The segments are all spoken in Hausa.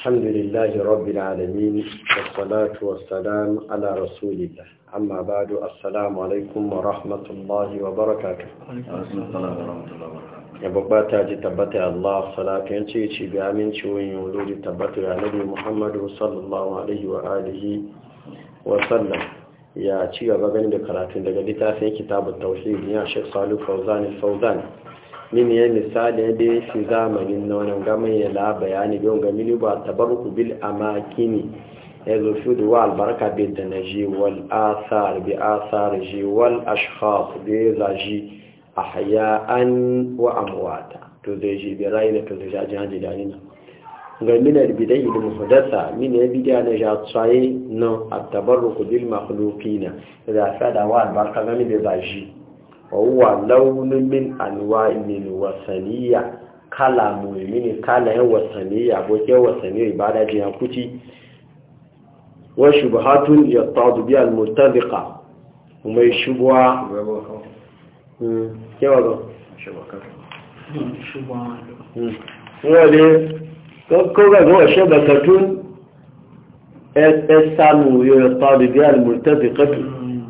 الحمد لله رب العالمين والصلاة والسلام على رسول الله أما بعد السلام عليكم ورحمة الله وبركاته yabba ta ji tabbata Allah salatu yace ce bi aminci wani yawon tabbata ya nabi Muhammadu sallallahu alaihi wa sallam ya ci gaba ganin da karatun daga littafin kitabun tauhid ya Sheikh Salih من ينسال يدي سزام جنون غم يلا بيان يوم غميني والتبرك بالأماكن يزفد والبركة بالدنجي والآثار بآثار جي والأشخاص بيزا أحياء وأمواتا تزيجي برأينا تزيجي عن جدارنا غمينا البداية المحدثة من يبدأ نجات صعي نو التبرك بالمخلوقين إذا فعل والبركة غميني بيزا جي wàhùwà launin min anuwa min wasaniya kala muhimini kala yan wasaniya abokin wasaniya ibada jiya kuti wa shubhatun yattadu bi al-murtabiqa kuma shubwa kewa ga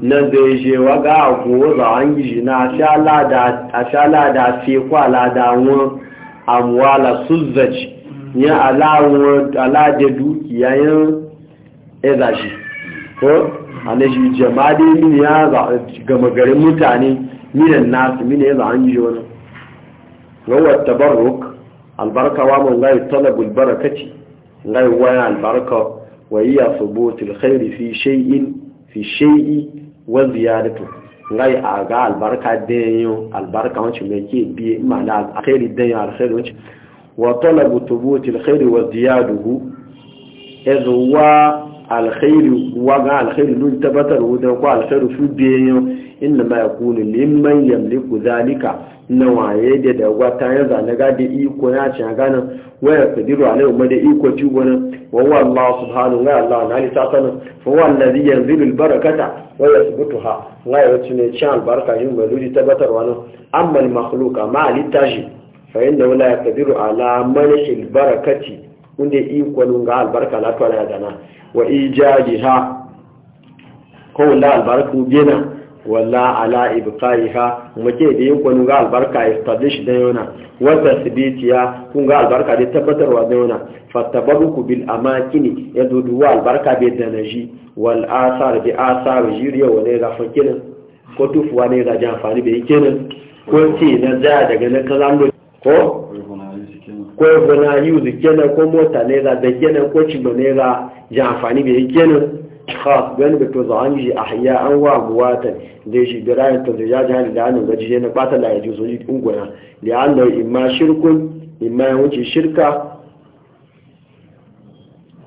na zai je wa ga ku za an gishi na a sha lada fi kwa lada wọn amuwala suzzaci yin alade dukiya yin ezashi ko anashi jama'ade mini ya gama garin mutane minan nasu mini ya za an gishi wani rawar tabarruk albarka wa mun gai talabul barakati gai wani albarka wa iya subutul khairi fi shay'in fi shay'i wa ziyadatu ngai aga albarka denyo albarka wancin mai ke biye ma'ana alkhairi denyo alkhairi wancin wa talabu thubuti alkhairi wa ziyaduhu wa alkhairi wa ga alkhairi lun tabatar wuda ko alkhairi su denyo inna ma yakunu liman yamliku zalika na waye da da wata ya zane ga da iko ya ci ga nan waya kudiru alai ma da iko ci gonan wa wallahu subhanahu wa Allah na li ta sanan fa wallazi yanzilu albarakata ويثبتها ويثبتها ويثبتها البركة يوم الولي تبتر وانو أما المخلوق ما لتاجي فإنه لا يقدر على منح البركة وانده إيوك ونغا البركة لا تولي هذا وإيجاجها قول لا البركة بينا walla ala ibqaiha muke da yin kun ga albarka establish da yona wata sibitiya kun ga albarka da tabbatarwa da yona fattabaruku bil amakini yadudu wa albarka bi danaji wal asar bi asar jiriya wa ne ga fakirin ko tufuwa ne ga jamfani bai kenan ko ce na za daga na kazan ko ko bana yuzu kenan ko mota ne ga da kenan ko cimma ne ga jamfani bai kenan خاص بين بتوزعني جي أحياء أو أموات ليجي براي تزوجات هذه لأنه لا جينا لا يجوز لي أقولها لأنه إما شركون إما وجه شركة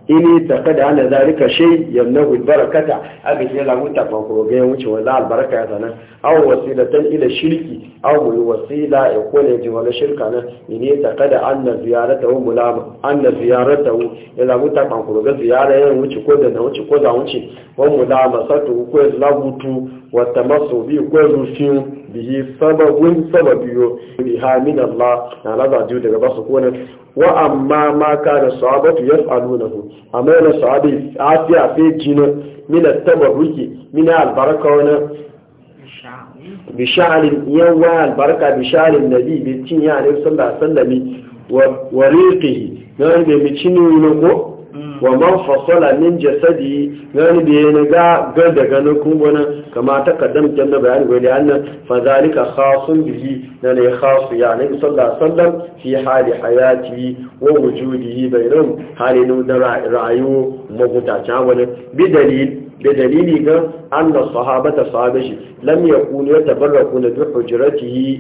ini ta kada ana zalika shay yamnahu albarakata abin ya lamu ta fakuro ga wuce wala albaraka ya sanan aw wasilatan ila shirki aw mul wasila ya kone ji wala shirka na. ini ta kada anna ziyaratahu mulama anna ziyaratahu ya lamu ta fakuro ga ziyara ya wuce ko da wuce ko da wuce wa mulama satu ko ya labutu wa tamassu bi ko rufin bihi sababun sababiyo biha min Allah na laza daga basu kone wa amma ma kana sahabatu yaf'alunahu amma yana sahabi afiya fe jina mina tabarruki mina albarka wani bishalin yawa albarka bishalin nabi bitin ya ne sallallahu alaihi wasallam wa riqihi na da micinu ne ko ومن فصل من جسدي يعني بينغا غد جنكم ونا كما تقدم جنة بيان ولأن فذلك خاص به يعني خاص يعني صلى الله عليه وسلم في حال حياته ووجوده بينهم حال نودر رعيو مبتع جاونا بدليل بدليل أن الصحابة صابش لم يكون يتبركون بحجرته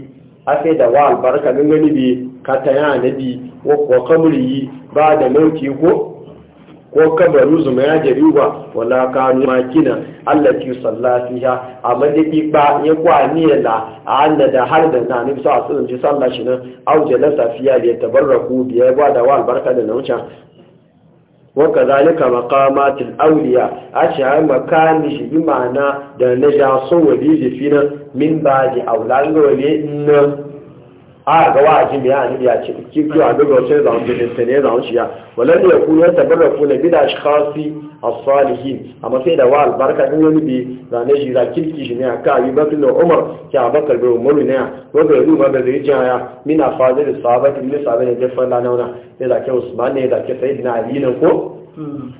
ake da wa albarka gangani bi ka ta yana bi wa ko kabaru zuma ya jari ba wala kanu makina Allah ki sallati ya amma da ki ba ya kwaniya la Allah da har da na bi sa sun ji sallah shi nan au jala safiya ya tabarraku biya ba da wa albarka da naucin wa kazalika maqamatil awliya ashar makani shi bi ma'ana da so wadi bi fina min ba di aulangole nan a ga wa'azin da ya ani ya ce kifi a duk wacce zaun da sai ne zaun shi ya walan ya ku ya tabarra ku ne bida ashkhasi a salihin amma sai da wa albarka din wani bi da ne shi da kirki shi ne aka yi bakar da Umar a abakar da Umar ne wanda yau ma da zai ji ya mina fadil sahabati min sahabati da fa lana wana sai da ke Usman ne da ke Sayyidina Ali ne ko hmm.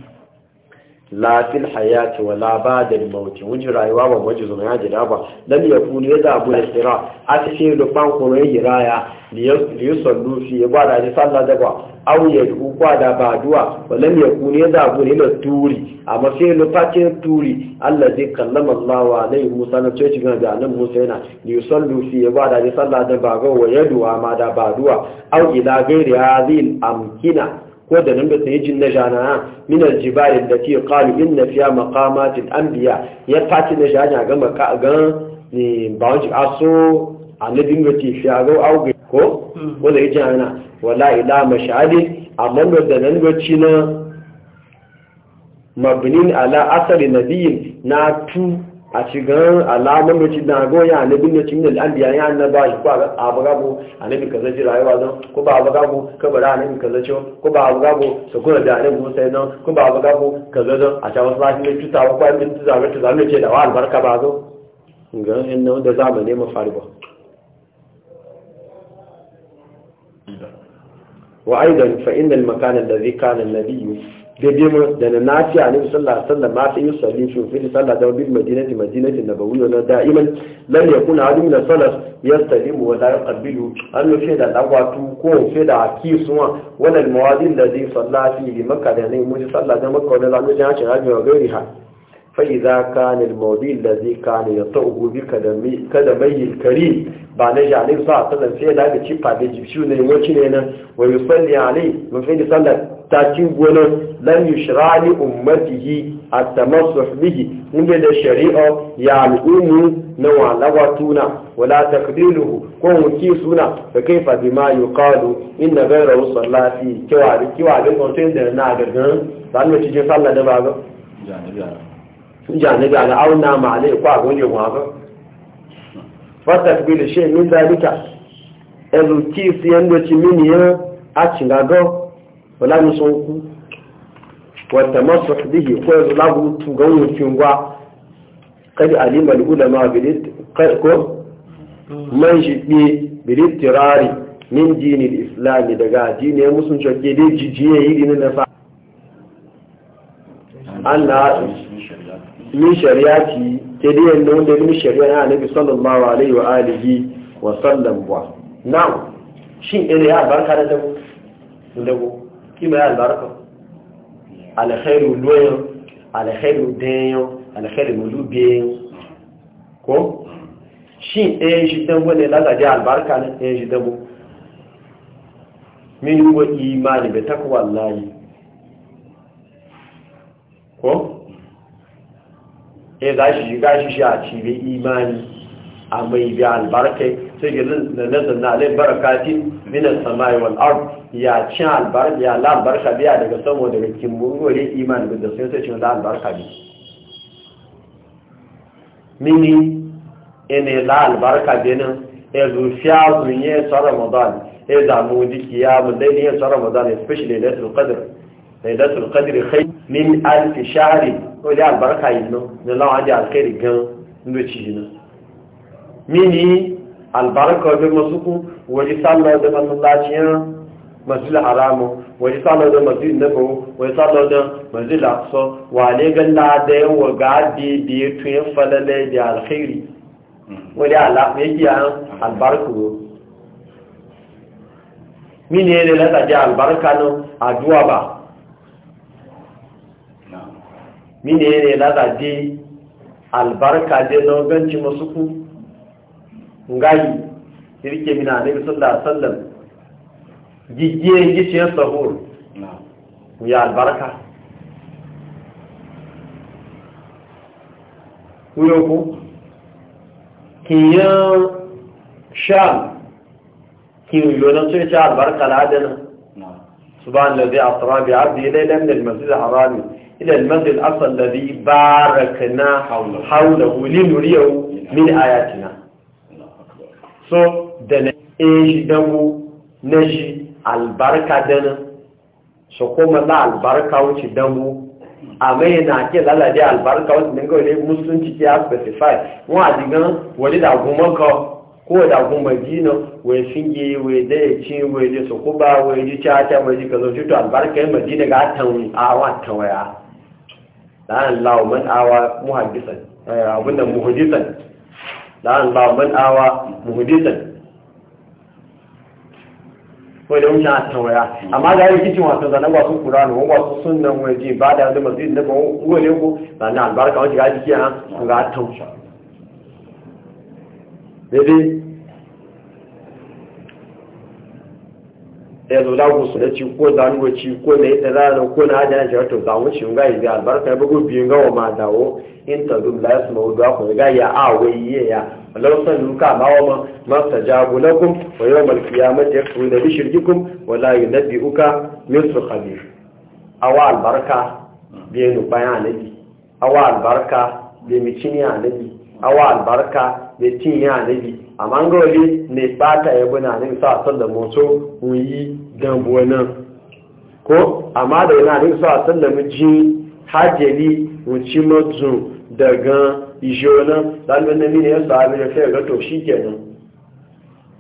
la fil hayati wa la ba'da al maut rayuwa ba waje zuwa ya jira ba dan ya kuni ya da tsira al-qira a cikin ban kuma ya jiraya li yusallu fi ya bada ji salla da ba au ya ku kwada ba duwa wa lam kunu ya da abu ne turi amma sai lokacin turi Allah zai kallama Allah wa alai Musa na ce cikin da nan Musa yana li yusallu ya bada ji salla da ba ga wa ya duwa ma da ba duwa au ila ghairi hadhihi al-amkina wadannan da sai jin na jana min aljibal da ke qalu inna fiya maqamatil anbiya ya fati na jana ga maka ga ni bawji aso annabin da ke fiya ga auge ko wala mm. jana wala ila mashadi amma wadannan wacce na mabnin ala asali nabiyin na tu a shigan alamun da cikin dago ya annabin da cikin al'ambiya ya annaba shi ko a a annabi kaza ji rayuwa zan ko ba bugabo a annabi kaza ce ko ba bugabu su kuma da annabi musa nan ko ba bugabo kaza zan a cewa sai mai cuta ba ko din tuta ba tuta ne ce da wa albarka ba zo ga yan nan da za mu nema ba. wa aidan fa innal makanan da zai kanan nabiyyu daidai mu da na nafi a nabi sallallahu alaihi wasallam ma sai yusalli fi fi sallah da bil madinati madinati nabawiyya na da'iman lan yakuna hadu min salas yastalimu wa la yaqbilu an yace da dagwatu ko yace da akisuwa wannan mawadin da zai salla fi li makka da ne mu sallah da makka da zamu ji hace hajji wa gairiha fa idza kana al mawdi alladhi kana yatu'u bi kadami kadamai al karim ba na jani sa ta zance da ga cifa da jibshu ne wacce ne nan wa yusalli alai mafi da sallar ta ci gonar lan yushra li ummatihi at-tamassuh bihi inda da shari'a ya al'umu na walawa tuna wala takdiluhu ko wuki suna da kaifa bima yuqalu inna ghayra usallati kiwa da kiwa da kontin da na gargan ba mu cikin sallar da ba ga jani ga na auna ma alai kwa gonje ba. fatakbir shay min zalika eluti si endo chimini ya achingago wala musoku wa tamassuh bihi ko lagu tugawo chungwa kad alima ulama bilit ko man shi bi tirari, min dini islam daga dini musun chokke dai jijiye yi dinin nafa Allah min shari'a ci ke da yanda wanda min shari'a na bi sallallahu alaihi wa alihi wa sallam wa now shin ina ya albarka da dago dago kima ya albarka alkhairu loyo alkhairu dayo alkhairu mulubiyo ko shin eh shi dan wanda la da albarka ne eh shi dago min wa imani bi taqwa allahi ko sai za shi shiga shi shi a cibin imani a mai bi albarkai sai gilin da nazar na alai barakatin minas samai wal ard ya cin albarka ya la albarka biya daga samo daga kimbun gore imani da sai sai cin la albarka bi mini ene la albarka benin ezufiya zunye sa ramadan e zamu diki ya mu dai ne sa ramadan especially lailatul qadr lailatul qadri khayr min alf shahr o da albarka yino da lawa da alkhairi gan ndo ci yino mini albarka da masuku waji sallah da masallaciya masjid haram waji sallah da masjid nabo waji sallah da masjid aqsa wa le galla da yawa gadi bi tun falale da alkhairi wani mini ne da ta ja albarka a duwa ba mini ne lada di albarka de doganci masu ku ngayi sirke mina nabi sallallahu alaihi wasallam gigiye giciyar sahur mu ya albarka kuyo ku kiyan sham kiyo na ce ce albarka da zai asra bi abdi ila lam al masu da harami إلى المسجد الأقصى الذي باركنا حوله لنريه من آياتنا so da eji shi damu na shi albarka dana so kuma la albarka wuce damu a mai na ke lalade albarka wuce daga ne musulunci ke ya specify wọn a digan wani daguman ka ko daguman gina wai finge wai daya ci wai da su kuba wai ji cata wai ji ka zo to albarka yin madina ga a watan waya la'an lawa man awa muhaddisan eh, abin da muhaddisan la'an lawa man awa muhaddisan ko da wuce a tawaya amma da yi kicin wasan zanen wasu kuranu wani wasu sunan waje ba da yanzu, masu na ba wani ko zanen albarka wajen ga jiki a ga tausha daidai ya zo da ku da ci ko zanuwa ci ko na da tsirana ko na hajji na shirarta zamun shi ga yi albarka ba go biyun gawa ma dawo in ta zum la su mu da ku ga ya a wai ya Allah san luka ma wa ma masa jagu na kum wa yau mal kiyamata ya da bi shirgikum wa la yunabbi'uka nabi uka min su khabir awa albarka biye nu bayan anabi awa albarka biye mi cini anabi awa albarka biye cini anabi amma ga waje ne bata ya buna ne sa san da moto mun yi dan buwana ko amma da yana ne sa san da mun ji hajjali mun ci mazu daga ijona dan nan ne ya sami ne sai ga to nan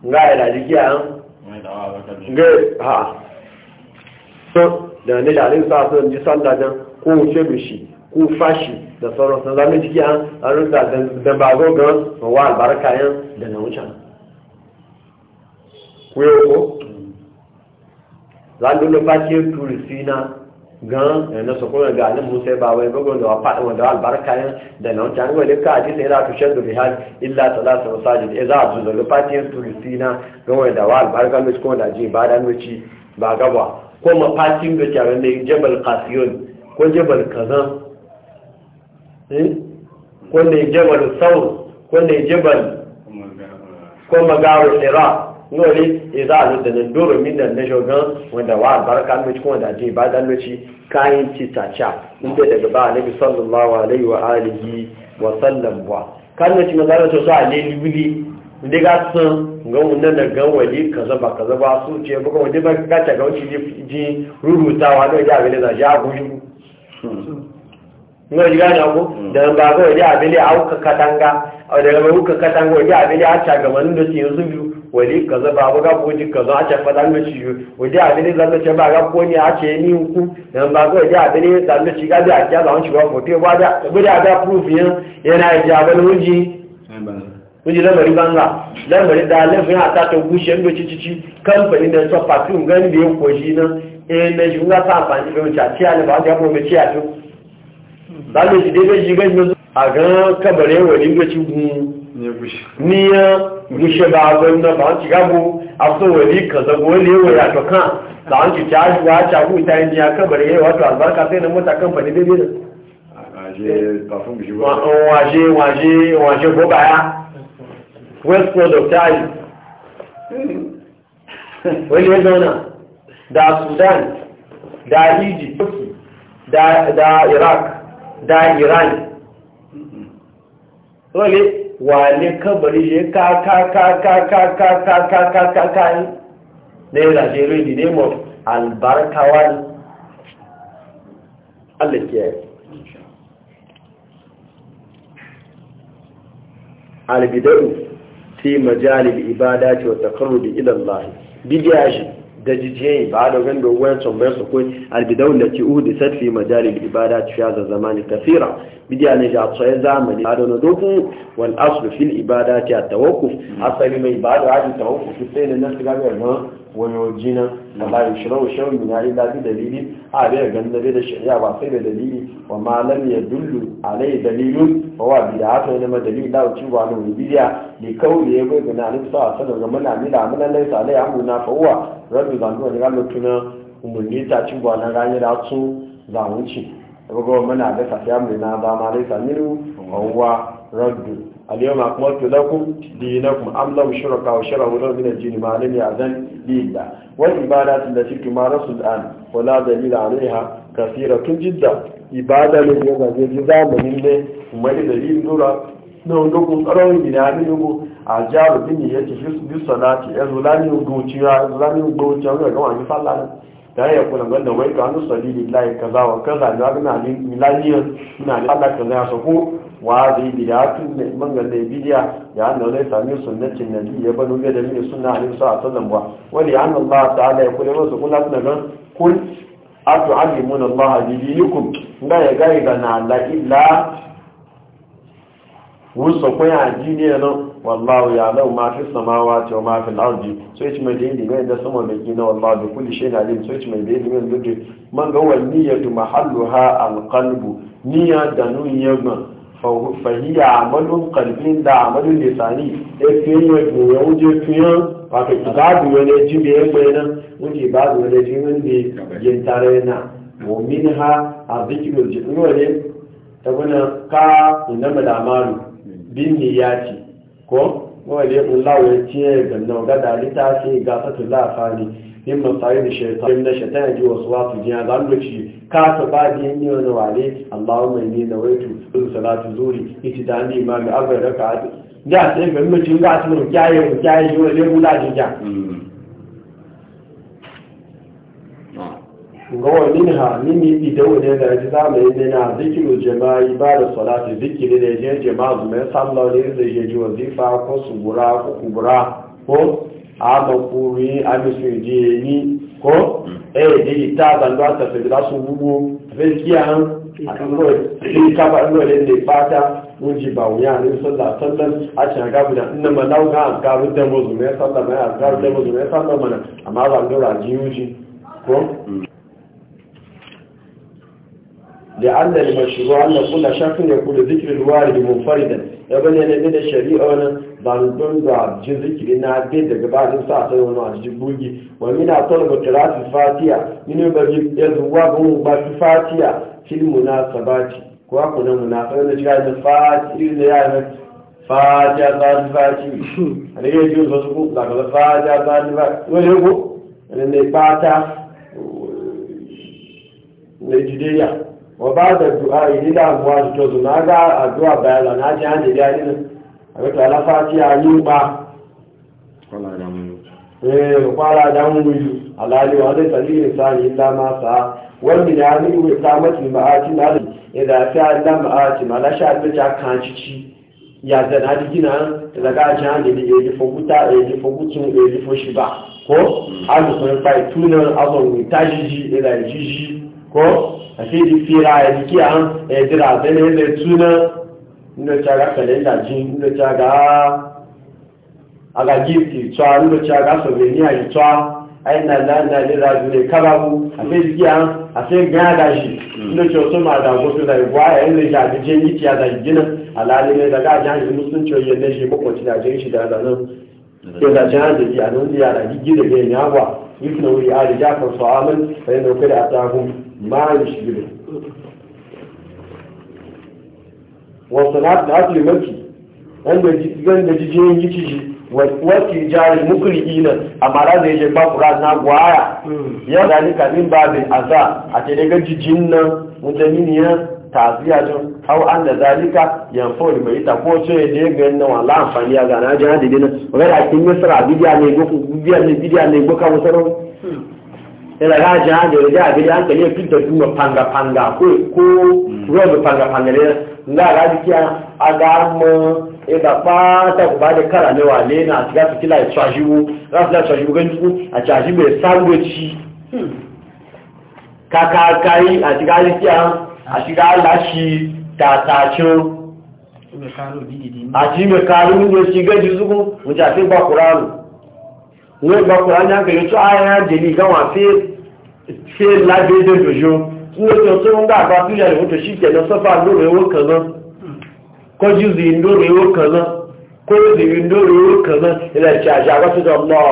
ga ya da jiya an ga ha so da ne da ne sa san ji sallah nan ko ce bishi ko fashi da sauran sun zama jiki an rinka da bago gan wa albarka yan da na Ku kuyo ko zan dole fashe turisi na gan eh, na su kuma ga alim musa ba wai bagon da faɗi da albarka yan da na wucin wai duka aji sai za tushen da bihal illa talata wa sajid eh za a zuzo da fashe turisi na gan wai da wa albarka mai kuma da ji ba da nuci ba gaba ko mafatin da kyaran da jabal qasiyon ko jabal kazan Hmm? ko ne jabal saur ko ne jabal ko magaru ira nori e za a zuta nan doro minna na shogun wanda wa albarka mai cikin wanda ajiye ba dan lokaci kayan citaca inda daga ba annabi sallallahu alaihi wa alihi wa sallam ba kan na zarar to a lili wuli inda ga sun gawun nan da gawali wali kaza ba kaza ba su ce baka wanda ba ka ta ga ji rubutawa da ya wani na ja gushi no ji gane ku mm. da ba ga wajen abili a uka katanga a daga mai uka katanga wajen abili a ca gabanin da su yanzu biyu wali kaza ba ba ga koji kaza a ca fadan da shi wajen abili zan da ce ba ga ko ne a ce ni ku da ba ga wajen abili zan da shi gabi a kya zan shi ba ko te ba da gudu a ga proof yin yana jaban huji huji lamari banza lamari da lafin a ta gushe da cicici kamfanin da sofa fim gani da ya koji nan eh na shi ga sa amfani da wuce a ciyar da ba ga mu mai ciyar zane shi daidai shi gan yanzu a gan kabare wani ga ci gun ni ya gushe ba abin na ba ci gabo a so wani ka zago wani yawa ya to kan da an ci ta shi wa ta ku ta yi ya kabare yawa wato albarka sai na mota kamfani daidai da waje waje waje ko baya west product ta yi wani ya zauna da sudan da egypt da iraq da iran dole wane kabari ya ka ka ka ka ka ka ka ka ka ka ka yi na yi rajerai di name of albarkawa ne allah ke albidaru fi majalil ibada ce wata karo da idan lahi bidiyashi دجيجين بعد وين بوين صم بس وكل البداية التي أودست في مجال الإبادات في هذا الزمان كثيرة بدي أنا جاء صيزة من بعد ندوبه والأصل في الإبادات التوقف أصل من بعد عاد التوقف في سين الناس قبل ها wani jina na bayan shirau wani na yi dafi dalili a bai ganda bai da shari'a ba sai da dalili wa malam ya dullu a nai dalilun wa wa bida haka yana ma dalili da wuce ba na wibidiya ne kawai ya bai gana alif sa sanar ga muna mila a muna sa lai amu na fa'uwa rabu zanduwa ne ranar mutuna umarni ta ci ba na ranar da su zamunci daga muna da safiya mai na zama lai samiru wa rabbi al-yawma akmaltu lakum dinakum am lahu shuraka wa sharahu lahu min al-jinn ma lam ya'zan li illa wa ibadatu allati tumarasu al-an wa la dalila 'alayha kathiratun jidda ibada ne da zai ji zamanin ne kuma da dalilin dora na wanda kun karawin gida ne yugo a jaru bin ya ce fi salati ya zo zulani gociya zulani gociya ga kawai ni sallah da ya kula banda wai ka anu sabilillahi kaza wa kaza da na ni milaniyan ina da Allah kaza ya sako Wa wazi bidatu ne man ganda bidiya ya annabi ne sami sunnatin nabi ya banu ga da ne sunna ali sallallahu alaihi wasallam ba wani anna allah ta'ala ya kula masa kula tana nan kul atu'allimun allah dinikum nda ya gai da na la illa wusa ko ya ji ne no wallahu ya lau ma fi samawati wa ma fi al-ardi so yace mai dai ne da sama da kina wallahu bi kulli shay'in alim so yace mai dai ne da dudu man ga wal niyyatu mahalluha al-qalbu niyya da nun yaman fahiyya amalin kalbi da amalin lisani ya fiye yi ya wuce fiye wato babu wani ji da ya bayyana wuce babu wani ji wanda ya tare na momin ha a zikirar jikin wani ta wani ka na malamaru bin ne ya ce ko wani ya ulawa ya ce ga nauga da litafi ga fatula fani min da shaitan da shaitan ya ji wasu wasu jiya za mu ci kasa ba da yin yiwa na wale Allahumma inni nawaitu in salatu zuri itidani ma ga abai raka da sai ga mutum ga asmur kyaye mu kyaye yi wa lebu da jiya ga wani ha nini bi da wani da ji zamani ne na zikiru jama'i ba da salatu zikiri da je jama'a zuma ya sallah ne zai je ji wazifa ko subura ko kubura ko amakuri amisuidiye ni ko eh dai ta zando ta fi da su bugu gaskiya han akan kaba an wale ne fata wuji ba wuya ne sallah sallan a cikin gabu da inna malau ga gabu da mazu ne sallah mai gabu da mazu ne sallah mana amma zan dora ji wuji ko لأن المشروع أن كل شخص يكون ذكر الوارد منفردا يبني أن من الشريعة أنا ضمن ضعب جن ذكر إن عدد بعد ساعة ونوع جبوجي ومن طلب قراءة الفاتحة من يبغي يذوبه بالفاتحة في المناسبات وأكون مناسبة نجعل الفاتحة يعني فاتحة فاتحة أنا يجوز أقول لك فاتحة فاتحة ويقول أن الفاتحة نجديها wa ba da du'a yi da amuwa da tozo na ga addu'a bayala na ji hanji da yi a ga tala fatiya yi ba kwara da muni alali wa zai tsali ne sa ni illa ma sa wani da ni wa ta mati ma a ci na idan ta illa ma a ci la sha ta ja kan ci ci ya da na ji gina da ga ji hanji da yi fokuta yi fokutun yi ko a ce fira ya jiki a han ya jira tuna inda ga kalenda ji inda ta ga aga gifti tsa inda a ga souvenir yi tsa ai na na na ne da karabu a jiki a han a ce gaya da ma da da ji jen giti ya gina ala ne daga jan musulunci da ke da jan da ji a da gigi da wuri a da ما يشبهه وصلاة العقل مكي wanda jijiyoyin gici wasu jari mukuri ina a mara da yake kura na gwaya ya da nika min babin asa a ce daga jijin nan mutaniniya tafiya hau an da zalika yan fori mai ta ko ce da ya ga yana wala amfani a gana jihar da dina wadda a kin yi sara ne goka ina ga jihar da rija abin an kalli fi da duma fanga-fanga ko ko robe fanga-fanga ne nga ga jikiya a ga mu ina ba ta ku ba da kara ne wa ne na shiga su kila ya tsajiwo za su la tsajiwo gan jiku a caji mai sandwichi kaka kai a shiga jikiya a shiga lashi tatacin a ji mai karu ne shiga jizugu mu ní ìgbọ́kùnrin ajá ń kèrè tó ayára jèlì gáwà fẹ́ lágbédé lòjó tí ó tó tó ń gbàgbà pílẹ̀ ìwò tó ṣíkẹ̀ lọ sọ́fà lórí owó kan náà kọjú sí lórí owó kan náà kọjú sí lórí owó kan náà ilẹ̀ ìṣẹ́ àṣà àgbàtúndọ̀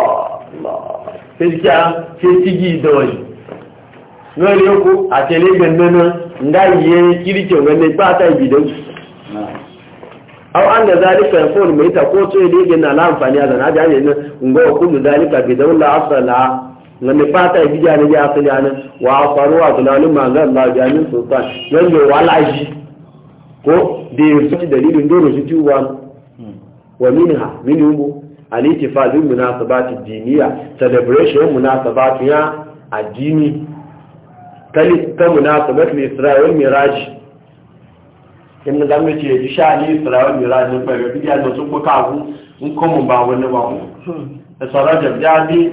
yìí aw an da zalika ya fawar mai ta ko tsoye da yake na la amfani a zana jami'a ne ungo wa kullu zalika bi dawla asala na mi fata ya bija ne ya asali anan wa asaru wa dalalun ma zan la jami'in sultan yan da wala shi ko da ya fi dalilin dole shi tuwa wa minha min yubu al-ittifaq bil munasabati diniya celebration munasabati ya addini kali ta munasabat al-isra'il miraj kin da mu ce isha ni isra'il miraj ne fa ga biya da su ko ka ku in ko mun ba wani ba ku da saraja biya bi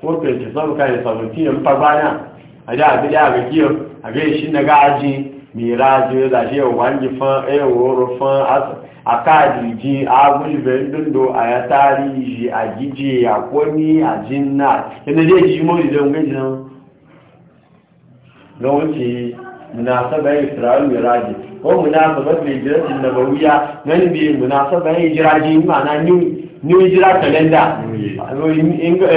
ko ke ce sabu kai sabu ti in fa bana a da biya ga kiyo a ga shi na ga aji miraj da shi wangi fa e woro fa asa akadi ji agulbe ndondo ayatari ji ajiji akoni ajinna ene de ji mo de ngeji na munasaba isra'il miraji ko munasaba hijrat an-nabawiyya nan bi munasaba hijraji ma'ana new new hijra calendar inga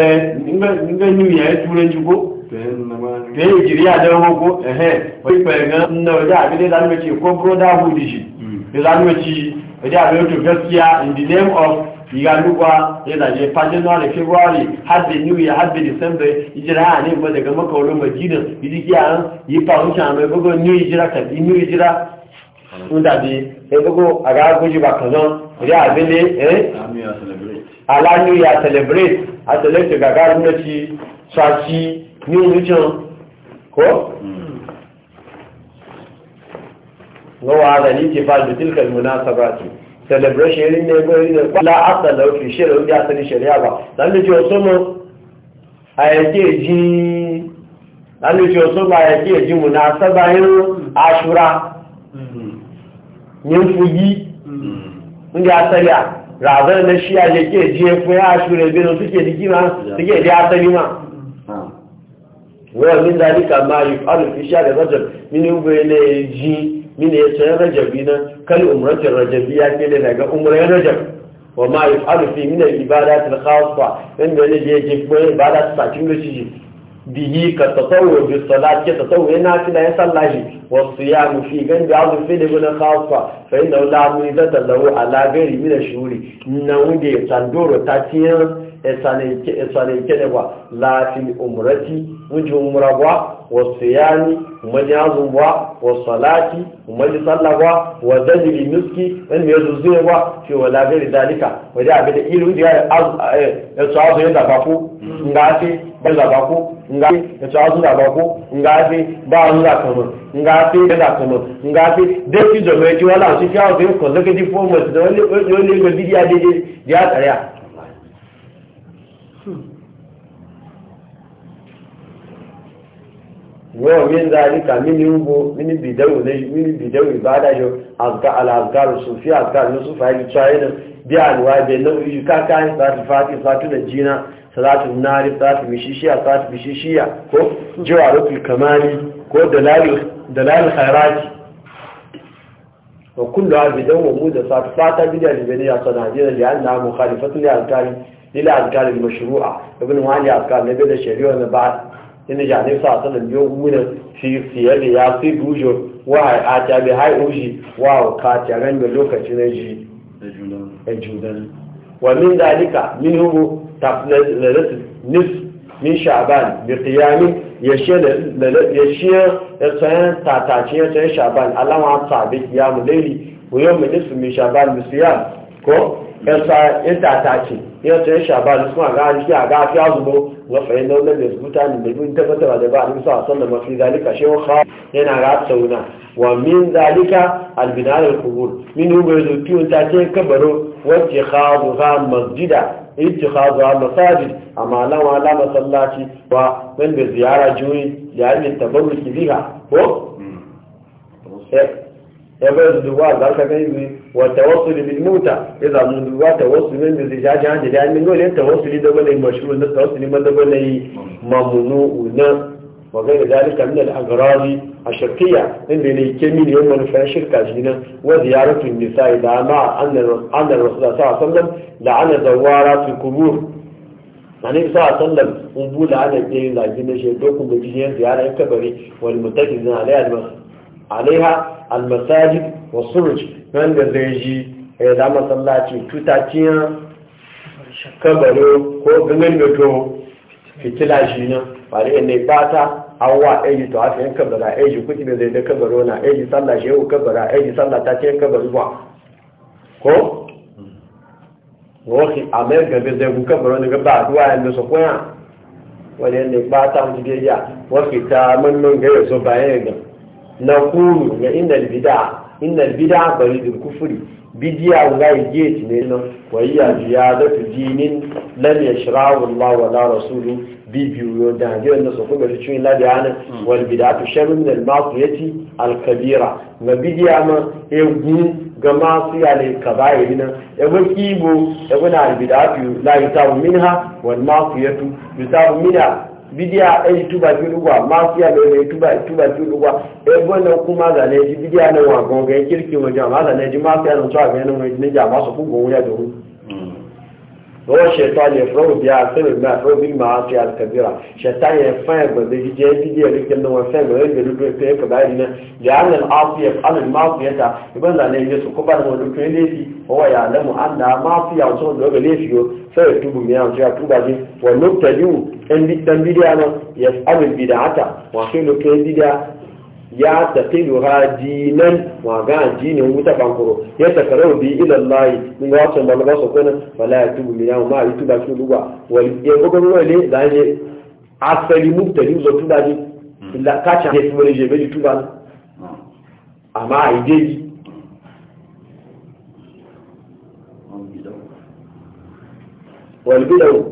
inga inga new year turanci ko da ya jiriya don hoko ehe wai fahimga na waje abin da zanuwa ce ko brotherhood shi da zanuwa ci waje abin to gaskiya in the name of yiga lugwa yana je fa january february har da new year har da december hijira a ne ba daga makawarin madina yi kiya yi fa wuce mai bugo new hijira ka bi new hijira sun dabi sai bugo a ga guji ba kazan ri abin ne eh ala new year celebrate a celebrate ga ga gwamnati sashi new religion ko hmm. wa da ni ke fa da tilkal munasabati celebration yẹn ní ẹgbẹ́ yẹn ní pálá àtàlà òfin ṣẹlẹ̀ ó jẹ́ àtẹ̀lé ṣẹlẹ̀ àbá lálejò ọ̀sọ́mọ àyẹ̀kẹ́ èjì lálejò ọ̀sọ́mọ àyẹ̀kẹ́ èjì mò ní asábà yẹn aṣura yẹn fún yí ń jẹ́ àtẹ̀lé à ràbẹ́ ẹ̀mẹ́ ṣí àyẹ̀kẹ́ èjì yẹn fún aṣura ẹgbẹ́ náà tíkẹ̀ ní kíma tíkẹ̀ ní àtẹ̀lé mà wọ́n mi dáríkà máa yọ من يسير رجبين كل أمرة الرجبية كلنا جا أمرة رجب وما يفعل في من العبادات الخاصة إن من يجيب من العبادات ساكن لشيء به كتطوع بالصلاة كتطوع الناس لا يصل له والصيام في جن بعض في لبن خاصة فإنه لا مريضة له على غير من الشهور نودي نعم، تندور تاتين esane kene kwa la fi umrati muji umra kwa wa siyani muji azum kwa wa salati muji salla kwa wa zajiri miski wani mai zuzuye kwa fi wa lafiyar dalika wajen abin da ilu da ya su azu ya zafafu nga fi ba zafafu nga fi ya su azu zafafu nga fi ba azu zafafun nga fi ya zafafun nga fi dai fi jami'ai kiwa na su fi azu yin consecutive formats da wani wani wani wani wani wani wani wani wani wani yau min zalika min yugo min bidawu ne min bidawu ibada yo azka al azkar sufi azkar yusuf ayi tsayin bi alwa be nau'i ka ka salatu fati salatu da jina salatu nari salatu mishishiya salatu mishishiya ko jawarul kamali ko dalal dalal khairati wa kullu abidan wa muda salatu fata bidal biniya sanadira li anna mukhalifatu li azkar ila azkar al mashru'a ibn wali azkar nabi da shari'a na ba ina ja ne sa sanan biyo muna fi fiye da ya fi bujo wa a ta bi hai uji wa ka ta ran da lokaci na ji da e judan wa min dalika min hu tafnalat nis min sha'ban bi qiyam yashiya yashiya tsayan tatace tsayan sha'ban alama ta bi qiyam layli wa yawm nisfu min sha'ban bi siyam ko yasa e e yau ta yi shaba da suna ga hanci a ga fiya zubo ga fa'in launar da ta ne da bin tabbatar da ba a nisa a sallar mafi zalika shi ha yana ga sauna wa min zalika albinar kubur min yi bai zuki ta ce kabaro wacce ha zuwa masjida ita ha zuha masajid a malan wala masallaci wa wanda ziyara juyi da yamin tabarruki ko? Hmm. Eh. يبرز دواء ذلك كيف والتوصل بالموتى إذا من دواء توصل من الزجاج عند الآن من قول التوصل دولة مشروع التوصل من دولة ممنوع وغير ذلك من الأغراض الشركية إن بني كمين يوم نفع شركة جينا وزيارة النساء إذا مع أن الرسول صلى الله عليه وسلم لعن زوارات القبور يعني صلى الله عليه وسلم أبو على الدين لعن الشيء دوكم بجيين زيارة الكبري والمتكزين عليها المخصوص alaiha almasajid wa suruj nan da zai ji ya zama masallaci tutaciyar kabaro ko gangan da to fitila shi nan ba da yanayi fata hawa aiji to hafi yan kabara aiji kuɗi da zai da kabaro na aiji sallah shi yau kabara aiji sallah ta ce kabaro ba ko wọ́n amẹ́rin gẹ̀gẹ̀ zẹ́gun kẹfẹ̀rọ ní gẹ́gbà àdúwà ẹ̀lú sọ̀kúnyà wọ́n yẹn lè gbá táwọn ti dé yà wọ́n fi ta mọ́nà gẹ́gẹ̀ sọ báyẹ̀ gan نقول يا إن البدع إن البدع بريد الكفر بديا لا يجيت منه وهي زيادة دين لم يشرعه الله ولا رسوله بيبيو دهجو أن سوكم بشتشوين لا دعانا والبدعة شر من المعصية الكبيرة ما وبديا ما يقول جماعة على الكبائرنا يقول كيبو يقول البدعة لا يتعب منها والمعصية يتعب منها Bidia a yi tuba fi ruwa masu yalo ne tuba tuba fi ruwa ebo na kuma da ne ji bidiya na wa gonga kirki wajen ma da ne ji masu yalo tsawa ga yanin wajen ne ja masu kungon wuya da wuri wọ́n ṣètò àyè fún òbí àtẹ̀wé mi àti òbí mi àti àtẹ̀bíra ṣètò àyè fún ẹgbẹ̀dẹ̀ jíjẹ́ dídí ẹ̀rí kí ẹnu wọn fẹ́ ẹgbẹ̀rẹ́ ìgbẹ̀rẹ́ ìgbẹ̀rẹ́ pé ẹ̀kọ́ báyìí náà lè á nà áfì ẹ̀ á nà máa fi ẹ̀ta ìbọn ìlànà ìyẹn sọ kọ́bà náà lókè ní èsì ọwọ́ yà lẹ́mu á máa fi àwọn lọ́gẹ̀ léèfì o fẹ́ẹ̀ túbù mi àti àtúbàdé wọ́n ló tẹ̀lé wù ẹnbí tẹ̀lé dídí àná yẹ ya taqilu ha dinan wa ga dinin wuta bankuro ya takarau bi ila Allah in ga wato malaba so kana wala yatubu min yawma ma yatuba shi duba wal ya gogo wale da ne asali mubtadi zo tuba ji illa ka cha ne wale je be tuba amma ide wal bidaw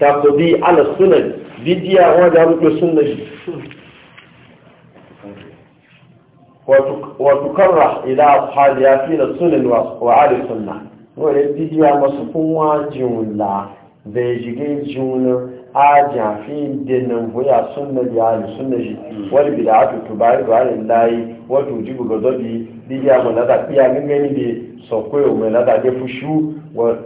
taqtadi ala sunan bidiya wa da rubu sunnah watukarra ila ashabiya fi da sunan wa ali sunna wanda bidiya masu kunwa jiwula zai jige jiwuna aja fi dinin buya sunna da ali sunna shi wani bida'atu tubari da alin layi wato jibu ga zobi bidiya mai nada biya gangani da sokoyo mai nada da fushu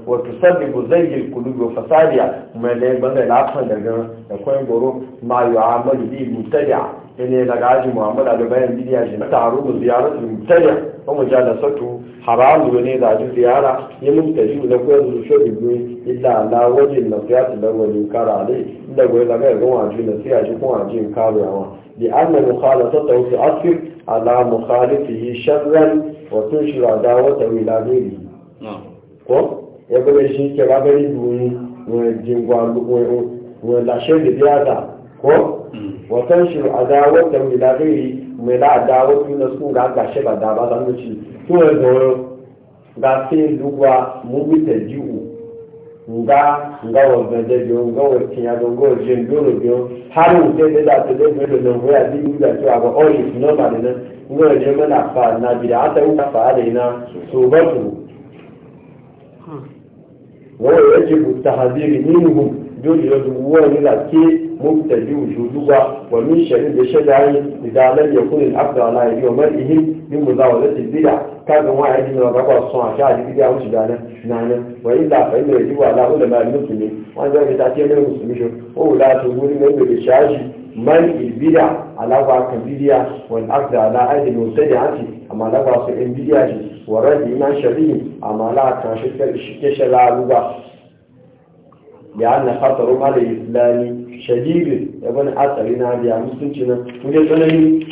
wato sabbibu zayyar kulubi fasadiya mai laifin da lafan daga da kwayan goro ma yi amalu bi mutadiya ne na gaji muhammad abu bayan bidiya shi na taro mu ziyarar mutane ko mu ja da sato haramu ne da ji ziyara ya mutaji da ko yanzu shi bibi illa la wajin nasiyatu da wani kara ne inda goyi da ga gwa ji nasiya shi kuma ji karawa bi anna mukhalatatu tu'athir ala mukhalifihi sharran wa tunshira dawatahu ila ghairihi ko ya bane shi ke babari duni ne jingwa ko ko la shege ko وتنشر عداوته a غيره ولا عداوة من السكون عن قشب عداوة لنشي تو يدور غاسين لغوا مبت ga nga nga wọgbẹdẹ bi o nga wọtinya bi o nga wọjẹ bi o bi o hali wò tẹsẹ dà tẹsẹ bi o lè lọ wọ yàtí yìí gbà nà nga مبتدئ وجودها ومن شر بشدعي إذا لم يكن العبد على يد ومرئه من مزاولة البدع كان ما يجب أن يبقى الصنع شاهد البدع وشدعنا نعم وإلا فإن يجب على علماء المسلمين وأن ذلك تأتي من المسلمين لا تقول من بالشاجي من البدع على بعض البدع والعقد على أيدي المبتدعة أما لا بعض البدع ورد إيمان شريف أما لا كان شرك الشرك لأن خطر على الإسلام شديد يبنى أثرنا بها مسلمين وجد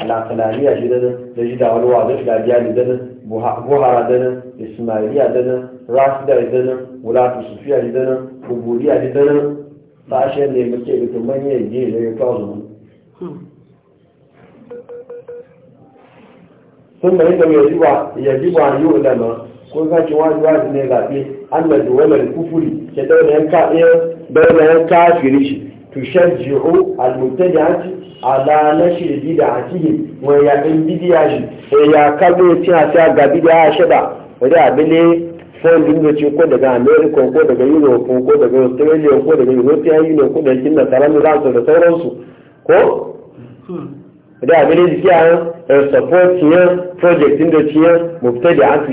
على العقلانية جدنا نجد لا الأديان جدنا بوهرة جدنا إسماعيلية جدنا رافدة جدنا ولا الصوفية جدنا قبولية جدنا فأشياء اللي مكي بتمنى يجي ليكاظم ثم إنه يجب يجب أن يؤلم كل ما جواد واحد من أن دول الكفر كدولة كائن bayan kafiri shi tushajji'u al-mubtadi'ati ala nashri bid'atihi wa ya in bid'a shi e ya kabe ci a ta ga bid'a shi ba wanda abile fondin da ce ko daga America ko daga Europe ko daga Australia ko daga European Union ko daga China salamu da su da sauransu ko da abile da ke a support project din da ci yan mubtadi'atu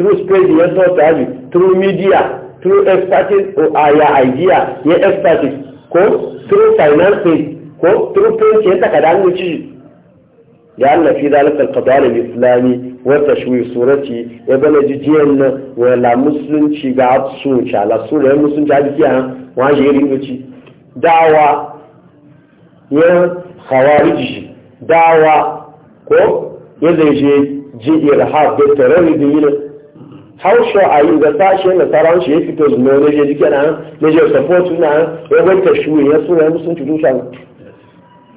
through spreading your thoughts at you, through media, through expertise or uh, your idea, your expertise, ko through financing, ko through printing takardar wuce لأن في ذلك القضاء الإسلامي وتشويه صورتي يبنى جديان ولا مسلم شقاعد سوش على صورة مسلم شقاعد فيها وعجي يريدوشي دعوة يا خوارجي دعوة كو يزيجي جي إرهاب بالتروري دينا How haushe a yi ga sashe na tsaron shi ya fito zuwa No je jike na na je support na ya wata shuwe ya suna musun ci dushan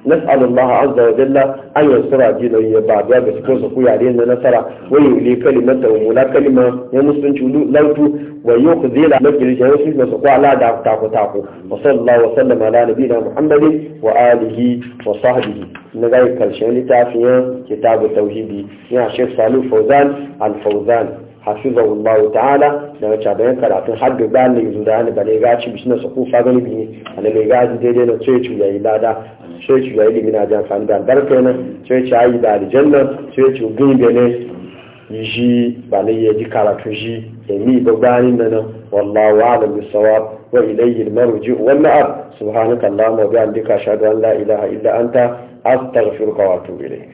nas'alullah azza wa jalla an yansura dinan ya ba ga fito su kuya da nasara wa yuli kalimata wa mula kalima ya musun ci lautu wa yuqzila mabil jawsi wa saqala da taku taku wa sallallahu wa sallama ala nabiyina muhammadin wa alihi wa sahbihi na ga karshen littafin kitabu tauhidi ya shekh salih fawzan al fawzan حفظه الله تعالى نوچا بين قرات حد بان يزوداني بلي غاچي بشنا سقو فاغني بي انا لي غاچي دي دي يا يدادا چي چي يا يدي جان فان دان بركنا چي چي اي دا دي جنن چي چي غين دي ني جي يجي كالا تجي يمي بوداني نن والله اعلم بالصواب واليه المرجع والمآب سبحانك اللهم وبحمدك اشهد ان لا اله الا انت استغفرك واتوب اليك